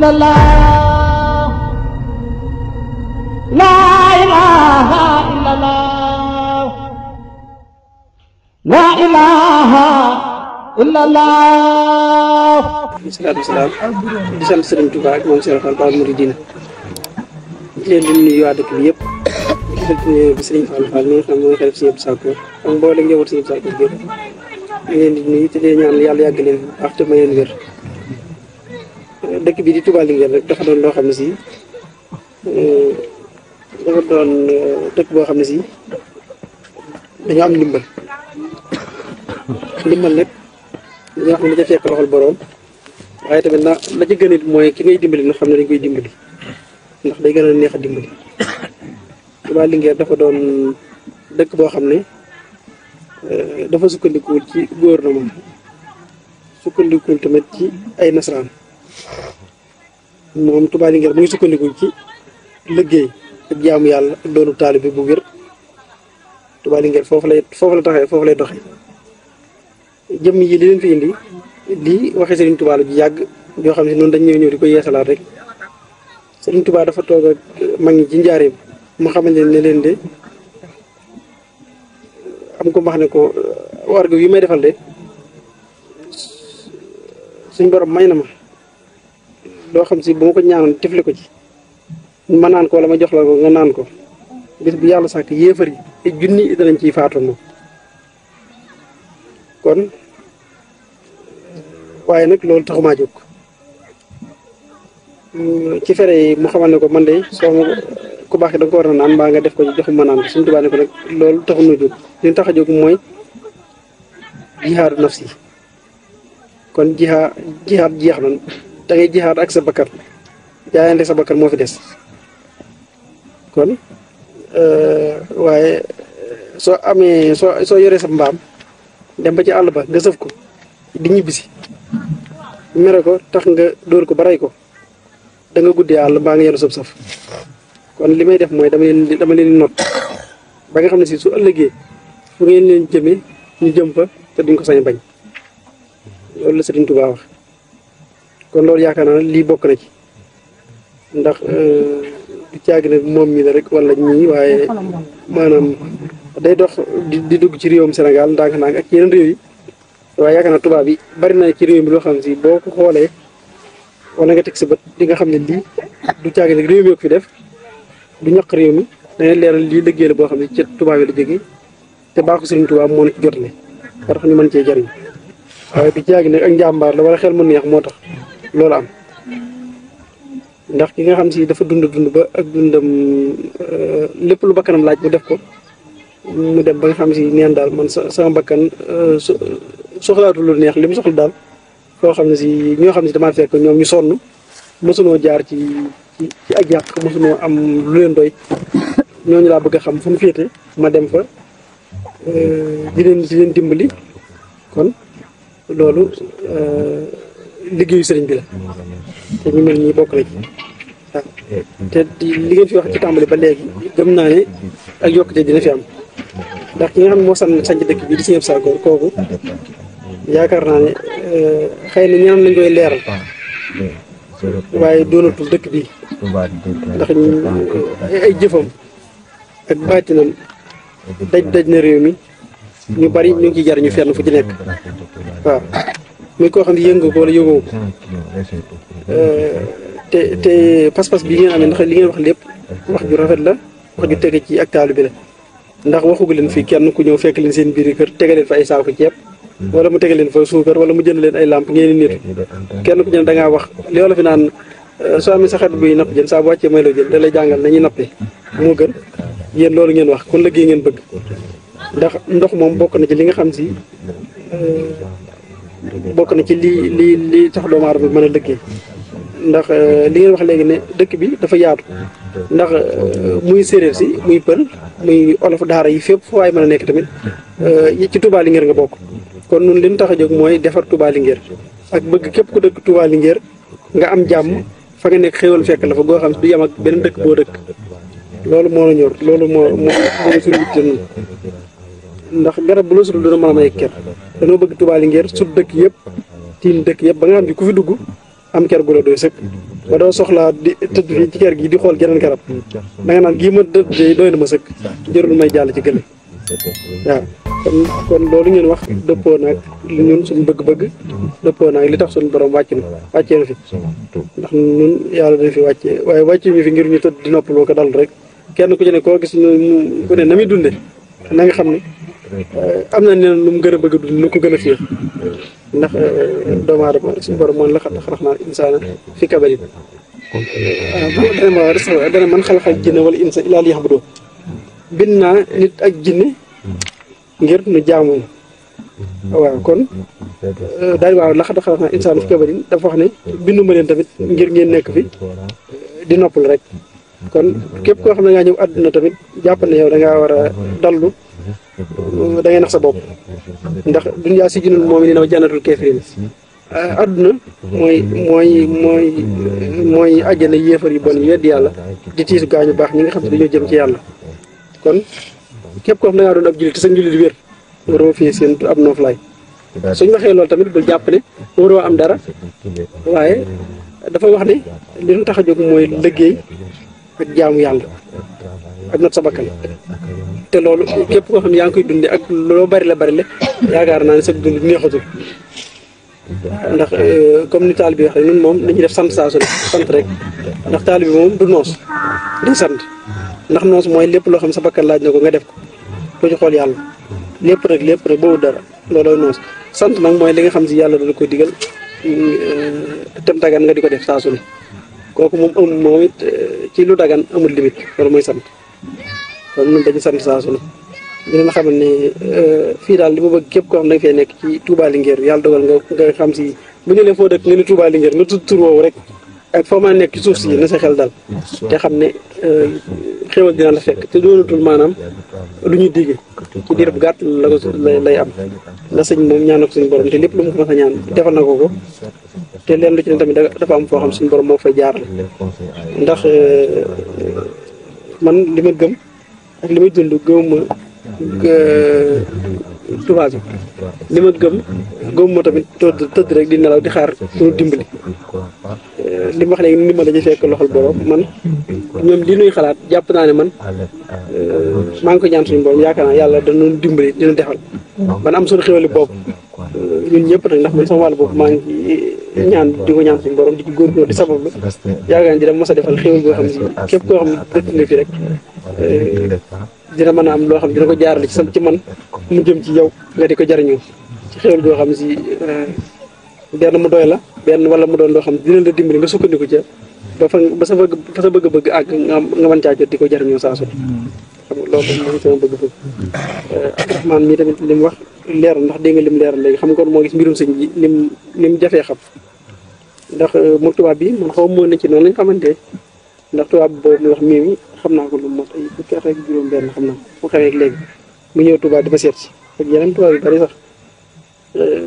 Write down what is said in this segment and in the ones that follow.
إلا الله لا إله إلا الله لا di sant Sëriñ Tuubaa moom Sëriñ Fall Baal Muridina di leen di nuyu waa dëkk bi yëpp di sant bi Sëriñ Fall Fall si yëpp Sakkoor ak mboolem njaboot si yëpp Sakkoor gépp di leen di nuyu te di ñaan yàlla yàgg leen ma leen wér dëkk bi di Touba Linguère dafa doon loo xam ne si eh, dafa doon eh, dëkk boo xam ne si dañoo am ndimbal ndimbal nag dañoo xam ne waaye tamit na la ci gën mooy ki ngay dimbali nga xam ne dañ koy dimbali ndax day gën a neex a dimbali Touba Linguère dafa doon dëkk boo xam ne eh, dafa sukkandikuwul ci gouvernement sukkandikuwul tamit ci ay nasaraan moom Touba Linguère mu ngi sukkandiku ci liggéey ak yàlla ak doonu bi bu wér Touba Linguère foofu lay foofu la taxee foofu lay doxee jëm yi li leen fi indi di waxee Serigne Touba lu ji yàgg yoo xam ne noonu dañ ñëw ñëw di ko yeesalaat rek Serigne Touba dafa toog ak mag ñi ci njaareem mu xamal leen ne leen de am ko wax ne ko warga yi may defal de suñ borom may na ma loo xam si bu ma ko ñaanoon tifli ko ci ma naan ko ma jox la ko nga naan ko bis bu yàlla sàkk yéefar ciy faatu kon waaye nag loolu taxumaa jóg mm, ci fere yi mu xamal ko man de soo ma ku da nga ko naan mbaa nga def ko ci joxum ma naan ko suñu tubaab ne ko loolu taxu nu jóg li tax a jóg mooy jihaadu nafsi kon jihaad jihaad jeex na da ngay jihad ak sa bakkar jaayante sa bakkar moo fi des kon euh, waaye soo amee soo soo yoree sa mbaam dem ba ci àll ba nga sëf ko di ñibbisi mere ko tax nga dóor ko ba rey ko da nga guddee àll mbaa nga yenu sëf-sëf kon li may def mooy dama leen dama leen not ba nga xam ne si su ëllëgee fu ngeen leen jëmee ñu jëm fa te duñ ko sañ bañ loolu la Sëriñ Tuubaa wax kon loolu yaakaar na lii bokk na ci ndax euh, du caagi ne moom mi la rek wala ñii waaye maanaam day dox di dugg ci réewum Sénégal ndànk-ndànk ak yeneen réew yi waaye yaakaar naa tubaab yi bari na ci réew mi loo xam si boo ko xoolee wala nga teg sa bët di nga xam ne lii du caagi ne réew mi fi def du ñaq réew mi dana leeral lii liggéey la boo xam ne ci tubaab yi la jógee te baaxu Sëriñ Tuubaa moo na ci jot ne war tax ñu mën cee jariñ waaye du caagi ne ak njàmbaar la wala xel mu neex moo tax loolu am ndax ki nga xam si dafa dund dund ba ak dundam euh, lépp lu bakkanam laaj mu def ko mu dem ba nga xam si neen daal man sama bakkan euh, su soxlaatu lu neex li mu soxla daal foo xam ne si ñoo xam ne si damaa fekk ñoom ñu sonn mosunoo jaar ci ci ak yàq mosunoo am lu leen doy ñooñu laa bëgg a xam fu mu féete ma dem fa euh, di leen di leen kon loolu liggéeyu sëriñ bi la te ñu mel nii bokk na ci waaw te li ngeen fi wax ci tàmbali ba léegi gëm naa ne ak yokkute dina fi am ndax ki nga xam ne moo san sanc dëkk bi di si ñëpp saakoor kooku yaakaar naa ne euh, xëy na ñeneen lañ koy leeral waaye doonatul dëkk bi ndax euh, ay jëfam ak baatinam daj daj na réew mi ñu bari ñu ngi ciy jar ñu fenn fu ci nekk waaw mais koo xam ne yëngu ko wala yëngoo te te pas-pas bi ngeen amee ndax li ngeen wax lépp wax ju rafet la wax ju tege ci ak taalu bi la ndax waxugu leen fii kenn ku ñëw fekk leen seen kër tege leen fa ay saako ceeb hmm. wala mu tege leen fa suukar wala mu jënd leen ay lamp ngeen nit kenn ku jënd da ngaa wax li wala fi naan euh, soo amee sa xarit buy napp jën saa may lo jën da lay jàngal nañuy nappe moo gën yéen loolu ngeen wax kon gi ngeen bëgg ndax ndox moom bokk na ci li nga xam euh, bokk na ci lii lii lii tax doomu aadama bi mën a dëkkee ndax euh, li ngeen wax léegi ne dëkk bi dafa yaatu ndax euh, muy séeréer si muy pël muy olof daara yi fépp fu waay mën a nekk tamit euh, ci Touba Linguère nga bokk kon noonu li ñu tax a jóg mooy defar Touba ngeer ak bëgg képp ku dëkk Touba Linguère nga am jàmm fa nga nekk xéwal fekk la fa goo xam du yem ak beneen dëkk boo dëkk loolu moo la ñor loolu moo moo moo suñu yitte ndax garab bu la sutul dina mën a may ker dañoo bëgg Touba Linguère sut dëkk yëpp tiim dëkk yëpp ba nga xam ne ku fi dugg am ker gu la doy sëkk ba doo soxlaa di tëdd fii ci ker gi di xool geneen garab da naan gi ma dëdd de doy na ma sëkk jërul may jàll ci gële a kon kon loolu ngeen wax dëppoo naag li ñun suñu bëgg-bëgg dëppoo naag li tax suñu borom wàcc na wàccee na fi ndax ñun yàlla da fi wàccee waaye wàcce ñu fi ngir ñu tëdd di nopp noppaloo ko dal rek kenn ku ci ne koo gis mu ku ne na muy dunde na xam ne Euh, am na neen lu mu gën a bëgg a nu ko gën a fii ndax euh, doomu aadama suñu borom mooy xalax naa insaana fi kabari euh, ma res dana man xalaxal jinne wala insa bind naa nit ak jinne ngir nu jaamu waaw kon daal waaw laxat xalax naa insaana fi kabari dafa wax ne bindu ma leen tamit ngir ngeen nekk fi di noppal rek kon képp koo xam ne ngaa ñëw àdduna tamit jàpp na yow da ngaa war a dallu da nax sa bopp ndax dunyaa si junul moom ni naw jànnatul kafirin ah, adduna mooy mooy mooy mooy àjjana yéefar yu bon yu wedd yàlla di tiisu ñu baax ñi nga xam ne dañoo jëm ci yàlla kon képp koo xam ne da ngaa doon ab jullit te sa njullit wér waroo fii seen ab nooflaay suñ waxee loolu tamit bul jàpp ne waroo am dara waaye dafa wax ne li ñu tax a jóg mooy liggéey ak jaamu yàlla ak not sa bakkan te loolu képp koo xam ne yaa ngi koy dunde ak loo bari la bari la yaakaar naa ne sa dund neexatul ndax euh, comme ni taal bi waxee ñun moom dañuy def sant saa su sant rek ndax taal bi moom du noos day sant ndax noos mooy lépp loo xam sa bakkan laaj na ko nga def ko doo ci xool yàlla rek lépp rek boobu dara looloo noos sant nag mooy li nga xam si yàlla dala ko digal mm, euh, tem tagan nga di ko def saa su ne kooku moom am moom it euh, ci lu dagan amul limite loolu mooy sant kon ñun dañu sant saa su ne di leen xamal ne euh, fii daal li ma bëgg képp ko xam ne danga fee nekk ci Touba Linguère yàlla dogal nga nga xam si bu ñu ne foo dëkk nga ni Touba Linguère nga tudd tur woowu rek ak foo ma nekk ci suuf si na sa xel daal te xam ne euh, xéwal dina la fekk te doonatul maanaam lu ñu digge ci diir bu gàtt la ko lay am la sëñ moom ñaan ko suñu borom te lépp lu mu ko mos a ñaan defal na ko ko te leen lu ci ne tamit dafa am foo xam suñu borom moo fay jaarale ndax euh, man li ma gëm ak li ma dund gëmuma euh, Touba bi li ma gëm gëmuma tamit tëdd tëdd rek di nelaw di xaar pour dimbali euh, li ma wax léegi ni ma la fekk loxol borom man ñoom li nuy xalaat jàpp naa ne man maa ngi ko ñaan suñu borom yaakaar naa yàlla dañu dimbali dina defal ban am suñu xéwali bopp ñun ñëpp nag ndax man sama wàll bopp maa ngi ñaan di ko ñaan suñu borom di ci góorgóorlu di sabablu yaakaar ne dina mos a defal xéwal goo xam ne képp koo xam ne dëkk fi rek eh, dina mën a am loo xam ne dina ko jaarale ci sant ci man mu jëm ci yow nga di ko jariñoo ci xéwal goo xam ne si eh, benn mu doy la benn wala mu doon loo xam ne dina la dimbali nga sukkandiku ca ba fa ba sa bëgg ba sa bëgg-bëgg àgg nga mën caa jot di ko jariñoo saa su xam nga loolu mooy eh, mii tamit li wax leeral ndax dégg nga leeral léegi xam nga moo gis mbirum sëñ bi lim lim jafee xam ndax eh, moom bi man xaw ma na ci noonu lañ xamante ndax tubaab boobu muy wax mii xam naa ko lu mot ay xam naa ko fu xewee mu ñëw tubaab di ma yeneen tubaab yu bari sax eh,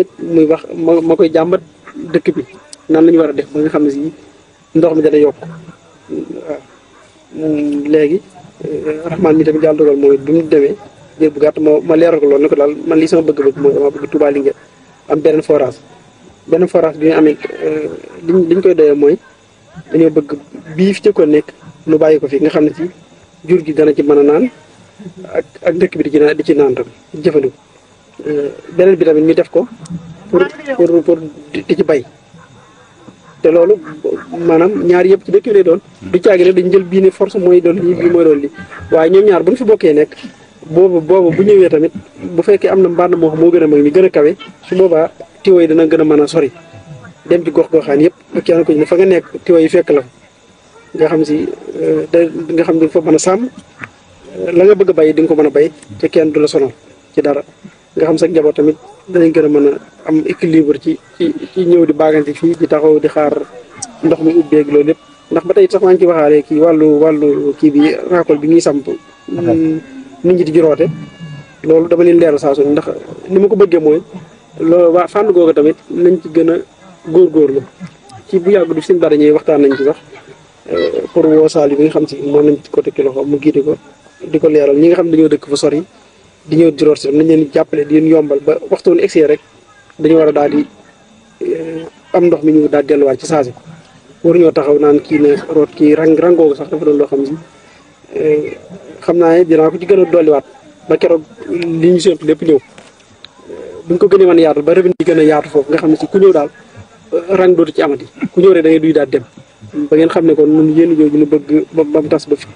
it muy wax ma ma koy jàmbat dëkk bi nan la ñu war a def ba nga xam ne si ndox mi dana yokk hmm, waaw léegi euh, raxmaan mi tamit daal dogal mooy bi mu demee diir bu gàtt moo ma leeral ko loolu ne ko daal man li sama bëgg-bëgg mooy dama bëgg Touba Linguère am beneen forage beneen forage bi ñu amee euh, liñ liñ koy doyee mooy dañoo bëgg bii fi jëkkoon nekk nu bàyyi ko fii nga xam ne ci jur gi dana ci mën a naan ak ak dëkk bi di ci naan di ci naan tam jëfandiku euh, beneen bi tamit ñu def ko pour pour pour di ci bay te loolu maanaam ñaar yëpp ci dëkk bi lay doon. Hmm. du caagi rek dañ jël bii ne force mooy doon lii bii mooy doon waaye ñoom ñaar bu ñu fi bokkee nekk boobu boobu bu ñëwee tamit bu fekkee am na mbànd moo xam moo gën a mag mi gën a kawe su boobaa tiwo yi dana gën a mën a sori dem ci gox-goxaan yëpp kenn ku ne fa nga nekk tiwo yi fekk la nga xam si euh, day nga xam ne fa mën a sàmm la nga bëgg a bay di ko mën a bay te kenn du la sonal ci dara. nga xam sa njaboot tamit danañ gën a mën a am équilibre ci ci ci ñëw di baagante fii di taxaw di xaar ndox mi ubbeeg loolu lépp ndax ba tey sax maa ngi ci waxaale kii wàllu wàllu kii bi récolte bi ñuy samp mm, nit ñi di joroote loolu dama leen leeral saa su ndax ni ma ko bëggee mooy loolu waa fànn googu tamit nañ ci gën a góor góorgóorlu ci bu yàgg du suñu dara ñuy waxtaan nañ ci sax euh, pour woo saal yi bi nga xam si moom nañ ko tekki loxo mu gii di ko di ko leeral ñi nga xam dañoo dëkk fa sori di ñëw di root si nañ leen jàppale di leen yombal ba waxtu wu ñu rek dañu war a daal di eh, am ndox mi ñu daal di delluwaat ci saasi waruñoo taxaw naan kii ne root kii rang rangoo sax dafa doon loo xam ni eh, xam naa ne dinaa ko ci gën a dolliwaat ba keroog li ñu séntu lépp ñëw eh, buñ ko gënee mën a yaatu ba revenu yi gën a yaatu foofu nga xam ne si ku ñëw daal rang dootu ci amati ku ñëw rek da ngay duy daal dem ba ngeen xam ne kon ñun yéen jooju ñu bëgg ba mu tas ba fi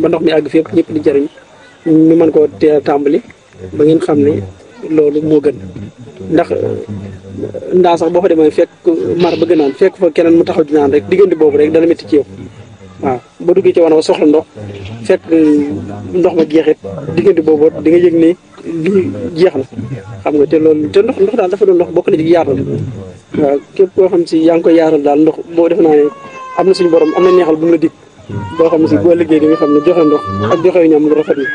ba ndox mi àgg fi yëpp ñëpp di jariñ ñu mën koo teel a tàmbali ba ngeen xam ne loolu moo gën ndax ndaa sax boo fa demee fekk mar ba naan fekk fa keneen mu taxaw di naan rek diggante boobu rek dana métti ci yow waaw boo duggee ci wana soxla ndox fekk ndox ma jeexit diggante boobu di nga yëg ne jeex na xam nga te loolu te ndox ndox daal dafa doon ndox bokk na ci yaatal waaw koo xam si yaa ngi koy yaatal daal ndox boo def naa ne am na suñu borom am na neexal bu mu la dig boo xam ne si boo liggéey di nga xam ne joxe ndox ak joxe ñam lu rafet la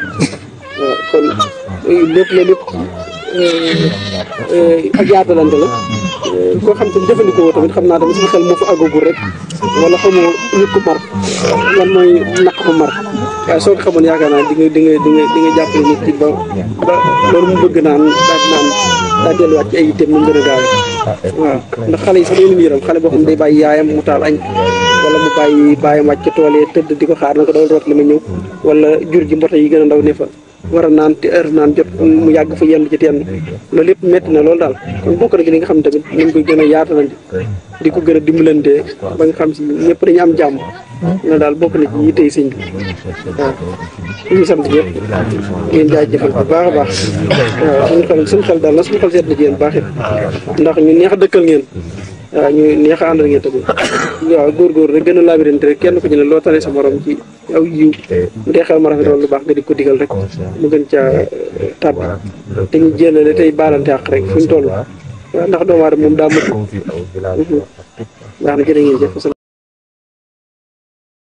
waaw kon lépp la lépp euh, euh, ak yaatalante la euh, koo xam te jëfandikoo tamit xam naa tamit sama xel moo rek wala xamoo nit ku mar lan mooy naq fa mar waaye soo ko xamoon yaakaar naa di nga di nga di nga di nga jàppale nit ci ba ba loolu bëgg naan daal naan daal delluwaat ci ay itam mu gën a gaaw waaw ndax xale yi sax dañu leen yëram xale boo xam day bàyyi yaayam mu taal añ wala mu bàyyi bàyyi wàcc ci tool yi tëdd di ko xaar na ko doon root li ma ñëw wala jur gi mbote yi gën a ndaw ne fa war a naan te heure naan jot mu yàgg fa yenn ci teen loolu yëpp métti na loolu daal kon bokk na li nga xam tamit nañ koy gën a yaatalante di ko gën a dimbalantee ba nga xam si ñëpp dañu am jàmm na daal bokk na ci yittey sëñ bi waaw ñu sant yëpp ngeen jaajëfal bu baax a baax waaw suñu xel suñu xel daal na suñu xel seet na baax ndax ñu neex dëkkal ngeen waaw ñu neex a àndal ngeen tëgg waaw góorgóor rek gën a laabirante rek kenn ku ci ne loo tane sa morom ci aw yiw mu dee xel ma rafet lu baax nga di ko digal rek mu gën ca euh, tàbbi te ñu la tey baalante àq rek fu ñu toll waaw ndax doomu aadama moom daa mëtu baax na jërë ngeen jëf